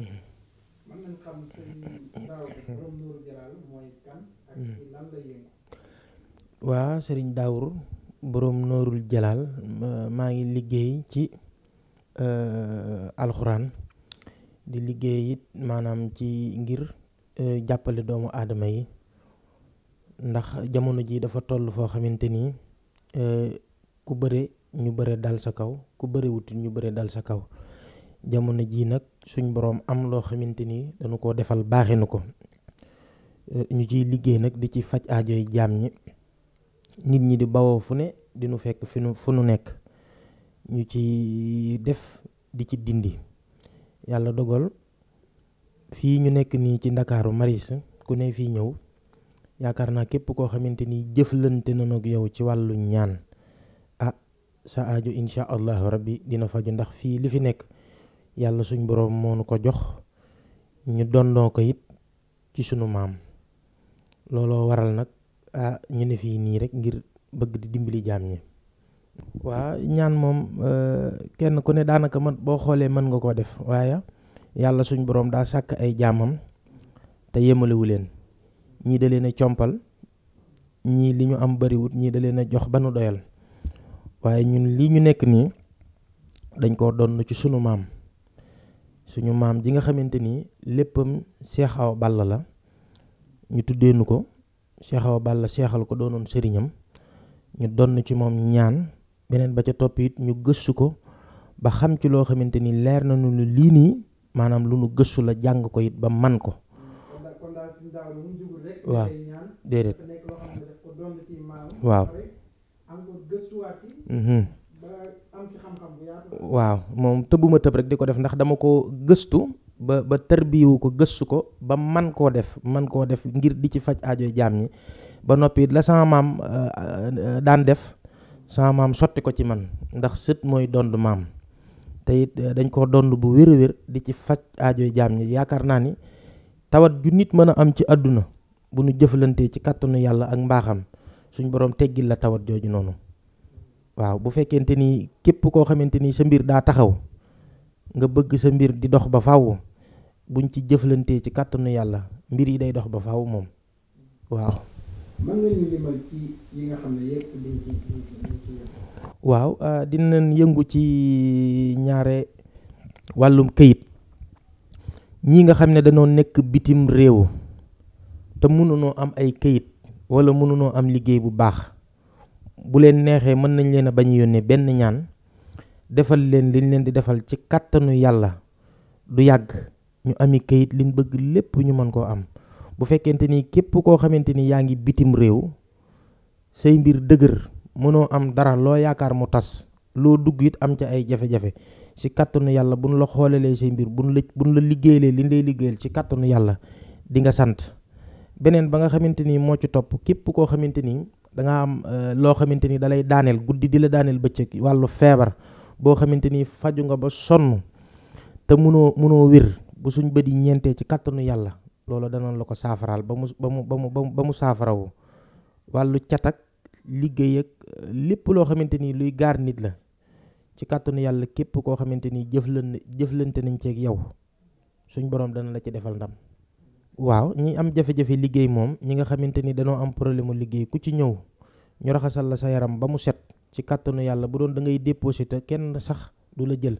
Hmm. waa sëriñ Daawur borom noorul Jalaal maa ngi liggéey ci euh, alxuraan di liggéey it maanaam ci ngir euh, jàppale doomu aadama yi ndax jamono ji dafa toll foo xamante ni euh, ku bëre ñu bëre dal sa kaw ku bëre wutit ñu bëre dal sa kaw. jamono jii nag suñ boroom am loo xamante ni dañu koo defal baaxe na ko euh, ñu ciy liggéey nag di ci faj aajoy jaam ñi nit ñi di bawoo fu ne dinu fekk fi nu fu nu nekk ñu ci def di ci dindi yàlla dogal fii ñu nekk nii ci ndakaaru maris ku ne fii ñëw yaakaar naa képp koo xamante ni jëflante na yow ci wàllu ñaan ah sa ajo incha allahu rabbi dina faju ndax fii li fi nekk yàlla suñ boroom moo ko jox ñu dondoo ko it ci sunu maam looloo waral nag ah ñu ne fii nii rek ngir bëgg di dimbali jaam yi waa ñaan moom euh, kenn ku ne daanaka man boo xoolee mën nga koo def waaye yàlla suñ boroom daa sàkk ay jaamam te yemalewu leen ñii da leen compal ñii li ñu am bariwut ñii da leen a jox ba nu doyal waaye ñun lii ñu nekk nii dañ koo donn ci sunu maam suñu maam ji nga xamante ni léppam Cheikh Awa la ñu tuddee nu ko Cheikh Awa Balla seexal ko doonoon sëriñam ñu donn ci moom ñaan beneen ba ca topp it ñu gëstu ko ba xam ci loo xamante ni leer na nu lii nii maanaam lu nu gëstu la jàng ko it ba man ko waaw déedéet waaw. waaw moom tëbuma tëb rek di ko def ndax dama ko gëstu ba ba tërbiwu ko gëstu ko ba man koo def man koo def ngir di ci faj aajo jaam ñi ba noppi la sama maam euh, euh, daan def sama maam sotti ko ci man ndax sët mooy dond maam te it euh, dañ ko dond bu wér wér di ci faj aajo jaam ñi yaakaar naa ni tawat ju nit mën a am ci àdduna bu nu jëflantee ci kàttanu yàlla ak mbaaxam suñ boroom teggil la tawat jooju noonu waaw bu fekkente ni képp koo xamante ni sa mbir daa taxaw nga bëgg sa mbir di dox ba faaw buñ ci jëflantee ci kàttanu yàlla mbir yi day dox ba faaw moom waaw. mën nga yëngu ci ñaare wàllum kayit ñi nga xam ne dañoo nekk bitim réew te mënunoo am ay kayit walla mënunoo am liggéey bu baax. bu leen neexee mën nañ leen bañ yónnee benn ñaan defal leen liñ leen di defal ci kàttanu yàlla du yàgg ñu ami kayit liñ bëgg lépp ñu mën koo am bu fekkente ni képp koo xamante ni yaa ngi bitim réew say mbir dëgër mënoo am dara loo yaakaar mu tas loo dugg yit am ca ay jafe-jafe ci kàttanu yàlla buñ la xoolalee say mbir buñ la buñ la liggéeyalee liñ lay liggéeyal ci kàttanu yàlla dinga sant beneen ba nga xamante ni moo ci topp képp koo xamante ni da nga am euh, loo xamante ni dalay daaneel guddi di la daaneel bëccëg wàllu feebar boo xamante ni faju nga ba sonn te munoo munoo wér bu suñ bët yi ñeentee ci kàttanu yàlla loolu danañ la ko saafaraal ba mu ba mu ba mu ba mu saafarawu wàllu catak ak liggéey euh, lépp loo xamante ni luy gaar nit la ci kàttanu yàlla képp koo xamante ni jëflante jëflante nañ ceeg yow suñ boroom dana la ci defal ndam waaw ñi am jafe-jafe liggéey moom ñi nga xamante ni dañoo am problème mu liggéey ku ci ñëw ñu raxasal la sa yaram ba mu set ci kàttanu yàlla bu doon da ngay déposé te kenn sax du la jël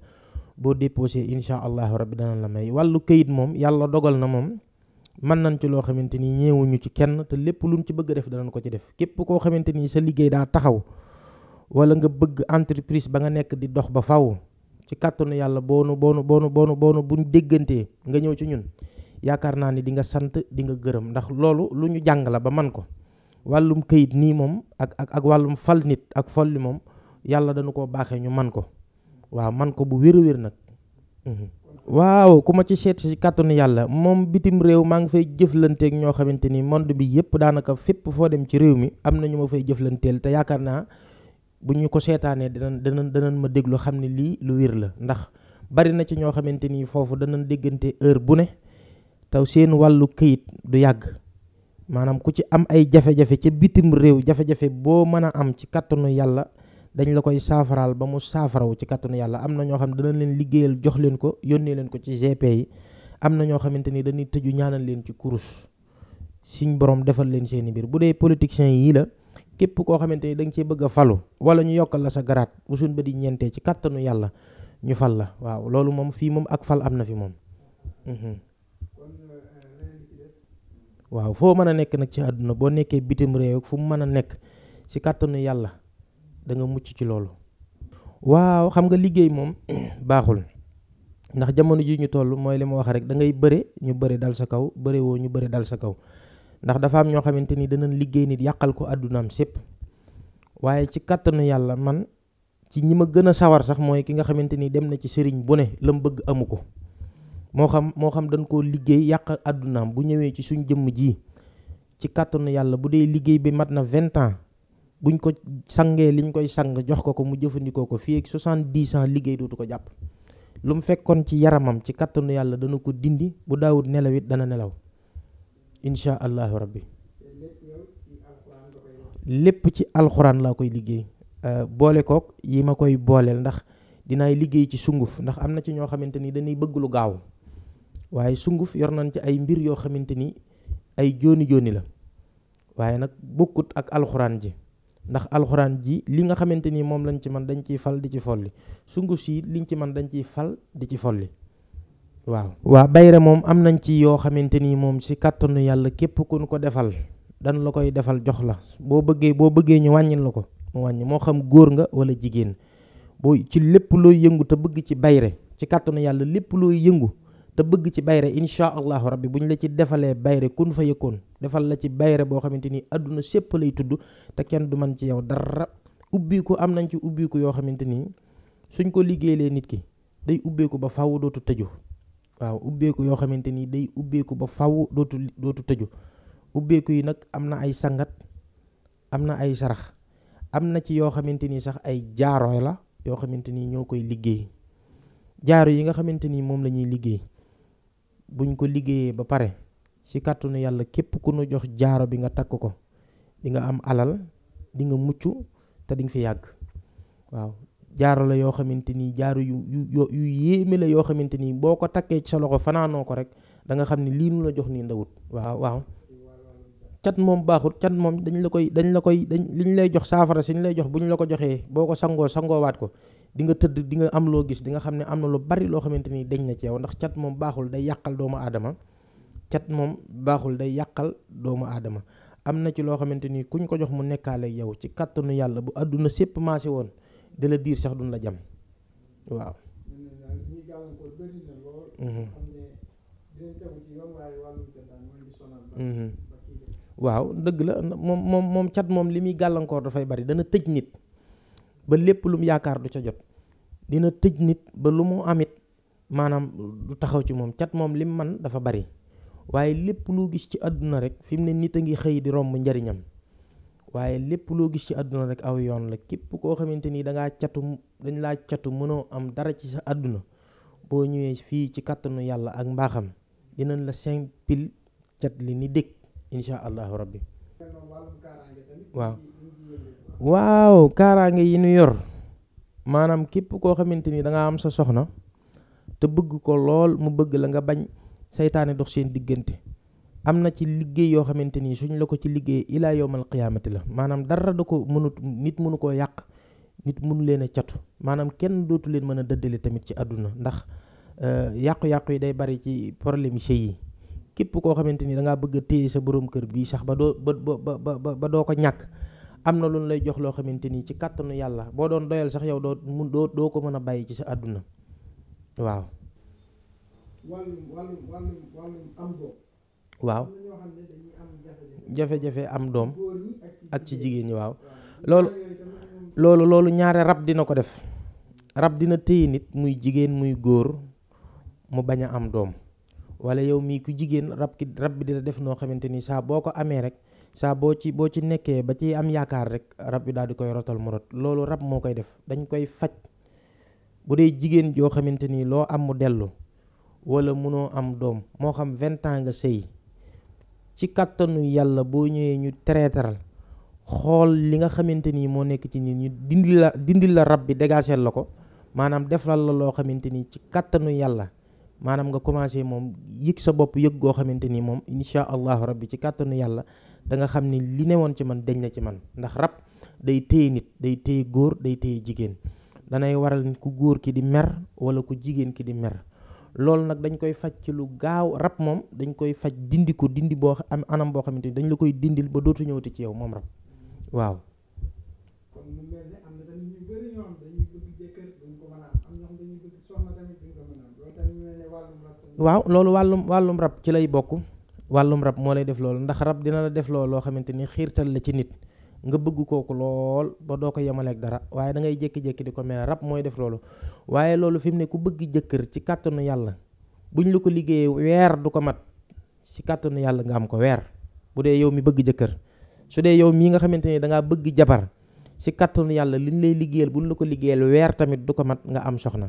boo déposé incha allahu rabbi dana la may wàllu këyit moom yàlla dogal na moom mën nañ loo xamante ni ñeewuñu ci kenn te lépp luñ ci bëgg def danañ ko ci def képp koo xamante ni sa liggéey daa taxaw wala nga bëgg entreprise ba nga nekk di dox ba faw ci kàttanu yàlla boonu boonu boonu boonu boonu buñ déggantee nga ñëw ci ñun yaakaar naa ni di nga sant di nga gërëm ndax loolu lu ñu jàng la ba man ko wàllum këyit nii moom ak ak ak wàllum fal nit ak li moom yàlla dana ko baaxee ñu man ko waaw man ko bu wér a wér nag mhm. waaw ku ma ci seet si kàttanu yàlla moom bitim réew maa ngi fay jëflanteek ñoo xamante ni monde bi yëpp daanaka fépp foo dem ci réew mi am na ñu ma fay jëflanteel te yaakaar naa bu ñu ko seetaanee danañ danañ ma déglu xam ne lii lu wér la ndax bari na ci ñoo xamante ni foofu danañ déggante heure bu ne taw seen wàllu kayit du yàgg maanaam ku ci am ay jafe-jafe ca bitim réew jafe-jafe boo mën a am ci kattanu yàlla dañ la koy saafaraal ba mu saafarawu ci kattanu yàlla am na ñoo xam ne danañ leen liggéeyal jox leen ko yónnee leen ko ci GP yi am na ñoo xamante ni dañuy tëju ñaanal leen ci kurus suñ borom defal leen seen i mbir bu dee politiciens yii la képp koo xamante ni da cee bëgg a falu wala ñu yokkal la sa garaat bu suñ ba di ñeentee ci kàttanu yàlla ñu fal la waaw loolu moom fii moom ak fal am na fi moom. Mhm. waaw foo mën a nekk nag ci àdduna boo nekkee bitim réew fu mu mën a nekk ci kàttanu yàlla da nga mucc ci loolu. waaw xam nga liggéey moom baaxul ndax jamono ji ñu toll mooy li ma wax rek dangay ngay bëre ñu bëre dal sa kaw bëre woo ñu bëre dal sa kaw ndax dafa am ñoo xamante ni danañ liggéey nit yàqal ko àddunaam sépp waaye ci kàttanu yàlla man ci ñi ma gën a sawar sax mooy ki nga xamante ni dem na ci sëriñ bu ne la mu bëgg amu ko. moo xam moo xam dañ ko liggéey yàq àddunaam bu ñëwee ci suñ jëmm ji ci kàttanu yàlla bu dee liggéey bi mat na vingt ans buñ ko sangee liñ koy sang jox ko ko mu jëfandikoo ko fii ak soixante-dix ans liggéey dootu ko jàpp lu mu fekkoon ci yaramam ci kàttanu yàlla dana ko dindi bu daawut nelaw it dana nelaw incha allahu rabbi lépp ci alxuraan laa koy liggéey euh, boole kook yi ma koy booleel ndax dinaay liggéey ci sunguf ndax am na ci ñoo xamante ni dañuy bëgg lu gaaw waaye sunguf yor nañ ci ay mbir yoo xamante ni ay jooni jooni la waaye nag bokkut ak alxuraan ji ndax alxuraan ji li nga xamante ni moom lañ ci man dañ ciy fal di ci folli sunguf si liñ ci man dañ ciy fal di ci folli waaw waa bayre moom am nañ ci yoo xamante ni moom si kàttanu yàlla képp ku ñu ko defal dan la koy defal jox la boo bëggee boo bëggee ñu wàññin la ko mu wàññi moo xam góor nga wala jigéen boo ci lépp looy yëngu te bëgg ci bayre ci kàttanu yàlla lépp looy yëngu te bëgg ci bayre incha allahu rabbi bu ñu la ci defalee bayre kun fa yëkkoon defal la ci bayre boo xamante ni àdduna sépp lay tudd te kenn du man ci yaw dara ubbiku am nañ ci ubbiku yoo xamante ni suñ ko liggéeylee nit ki day ubbeeku ba faw dootu tëju waaw ubbeeku yoo xamante ni day ubbeeku ba faw dootu dootu tëju ubbeeku yi nag am na ay sangat am na ay sarax am na ci yoo xamante ni sax ay jaaro la yoo xamante ni ñoo koy liggéey jaaro yi nga xamante ni moom la ñuy liggéey buñ ko liggéeyee ba pare ci kàttanu yàlla képp ku nu jox jaaro bi nga takk ko di nga am alal dinga mucc te di nga fi yàgg waaw jaaro la yoo xamante ni jaaro yu yu yu yéeme la yoo xamante ni boo ko takkee ci sa loxo fanaanoo ko rek da nga xam ne lii nu la jox nii ndawut waaw waaw cat moom baaxut cat moom dañ la koy dañ la koy dañ liñ lay jox saafara si ñu lay jox bu ñu la ko joxee boo ko sangoo sangoowaat ko di nga tëdd di nga am loo gis di nga xam ne am na lu bari loo xamante ni dañ na ci yow ndax cat moom baaxul day yàqal doomu aadama cat moom baaxul day yàqal doomu aadama am na ci loo xamante ni kuñ ko jox mu nekkaale yow ci kàttanu yàlla bu àdduna sépp maase woon di la diir sax duñ la jam waaw. Mhm. Mhm. waaw dëgg la moom moom moom cat moom li muy gàllankoor dafay bari dana tëj nit. ba lépp lum yaakaar du ca jot dina tëj nit ba lu mu amit maanaam du taxaw ci moom cat moom lim man dafa bari waaye lépp loo gis ci àdduna rek fi mu ne nit a ngi xëy di romb njariñam waaye lépp loo gis ci àdduna rek aw yoon la képp koo xamante ni da ngaa catu dañ laa catu mënoo am dara ci sa àdduna boo ñëwee fii ci kàttanu yàlla ak mbaaxam dinañ la simpil cat li ni dégg incha allahu rabbi waaw waaw kaaraange yi ñu yor maanaam képp koo xamante ni danga am sa soxna te bëgg ko lool mu bëgg la nga bañ seytaane dox seen diggante am na ci liggéey yoo xamante ni suñ la ko ci liggéey ilaa yowmal qiyaamati la maanaam dara da ko mënut nit mënu koo yàq nit mënu leen a catu maanaam kenn dootu leen mën a dëddale tamit ci àdduna ndax euh, yàqu-yàqu yi day bari ci problème sëy yi képp koo xamante ni da ngaa bëgg a téye sa borom kër bii sax ba doo ba ba ba ba doo ko ñàkk am na lu lay jox loo xamante ni ci kàttanu yàlla boo doon doyal sax yow doo mun doo doo ko mën a bàyyi ci sa àdduna waaw. waaw jafe am doom ak ci jigéen ñi waaw loolu. loolu loolu ñaare rab dina ko def rab dina téye nit muy jigéen muy góor mu bañ a am doom. wala yow mii ku jigéen rab ki rab bi dina def noo xamante ni saa boo ko amee rek saa boo ci boo ci nekkee ba ci am yaakaar rek rab bi daal di koy rotal mu rot loolu rab moo koy def dañ koy faj bu dee jigéen joo xamante ni loo am mu dellu wala munoo am doom moo xam vingt ans nga sëy ci kàttanu yàlla boo ñëwee ñu traiteral xool li nga xamante ni moo nekk ci nit ñu dindi la dindi la rab bi dégageel la ko maanaam defal la loo xamante ni ci kàttanu yàlla maanaam nga commencé moom yëg sa bopp yëg goo xamante ni moom incha allahu rabbi ci kàttanu yàlla da nga xam ni li ne woon ci man deñ na ci man ndax rab day téye nit day téye góor day téye jigéen danay waral ku góor ki di mer wala ku jigéen ki di mer loolu nag dañ koy faj ci lu gaaw rab moom dañ koy faj dindi ko dindi boo am anam boo xamante ni dañ la koy dindil ba dootu ñëwati ci yow moom rab waaw. waaw loolu wàllum wàllum rab ci lay bokk wàllum rab moo lay def loolu ndax rab dina la def loolu loo xamante ni xiirtal la ci nit nga bëgg kooku lool ba doo ko yemaleek dara waaye da ngay jékki-jékki di ko mel rab mooy def loolu waaye loolu fi mu ne ku bëgg jëkkër ci kàttanu yàlla bu buñ la ko liggéeyee weer du ko mat ci kàttanu yàlla nga am ko weer bu dee yow mi bëgg jëkkër su dee yow mii nga xamante ni da bëgg jabar ci kàttanu yàlla liñ lay liggéeyal buñ la ko liggéeyal weer tamit du ko mat nga am soxna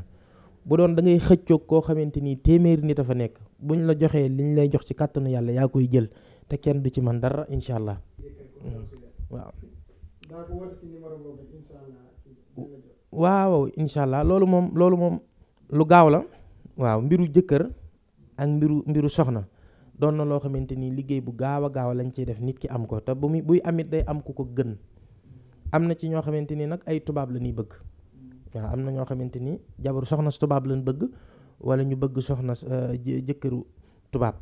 bu doon da ngay xëccoog koo xamante ni téeméeri nit a fa nekk ñu la joxee liñ lay jox ci kàttanu yàlla yaa koy jël te kenn du ci man dara incha allah hmm. waaw. waaw incha allah loolu moom loolu moom lu gaaw la waaw mbiru jëkkër ak mbiru mbiru soxna doon na loo xamante ni liggéey bu gaaw a gaaw lañ ciy def nit ki am ko te bu muy buy amit day am ku ko gën am na ci ñoo xamante ni nag ay tubaab la ñuy bëgg. waaw am na ñoo xamante ni jabaru soxna su tubaab lañ bëgg wala ñu bëgg soxna euh, jëkkëru tubaab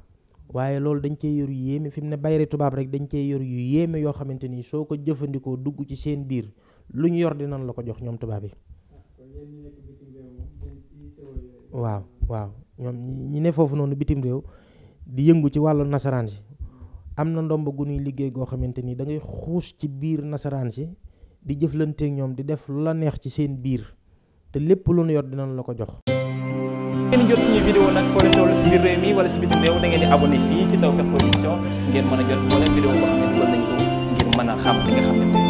waaye loolu dañ cee yor yu yéeme fi mu ne bayre tubaab rek dañ cee yor yu yéeme yoo xamante ni soo ko jëfandikoo dugg ci seen biir lu ñu yor dinañ la ko jox ñoom tubaab yi. waaw waaw ñoom ñi ne foofu noonu bitim réew di yëngu ci wàllu nasaraan si am na ndomb gu ñuy liggéey goo xamante ni da xuus ci biir nasaraan si di jëflanteeg ñoom di def lu la neex ci seen biir te lépp lu yor dina la ko jox. ngeen jot suñu vidéo nag foo leen toll si biir réew mi wala si biti réew da ngeen di abonné fii si Tawfekh Production ngeen mën a jot moo leen vidéo boo xam ne ngir mën a xam li nga xam ne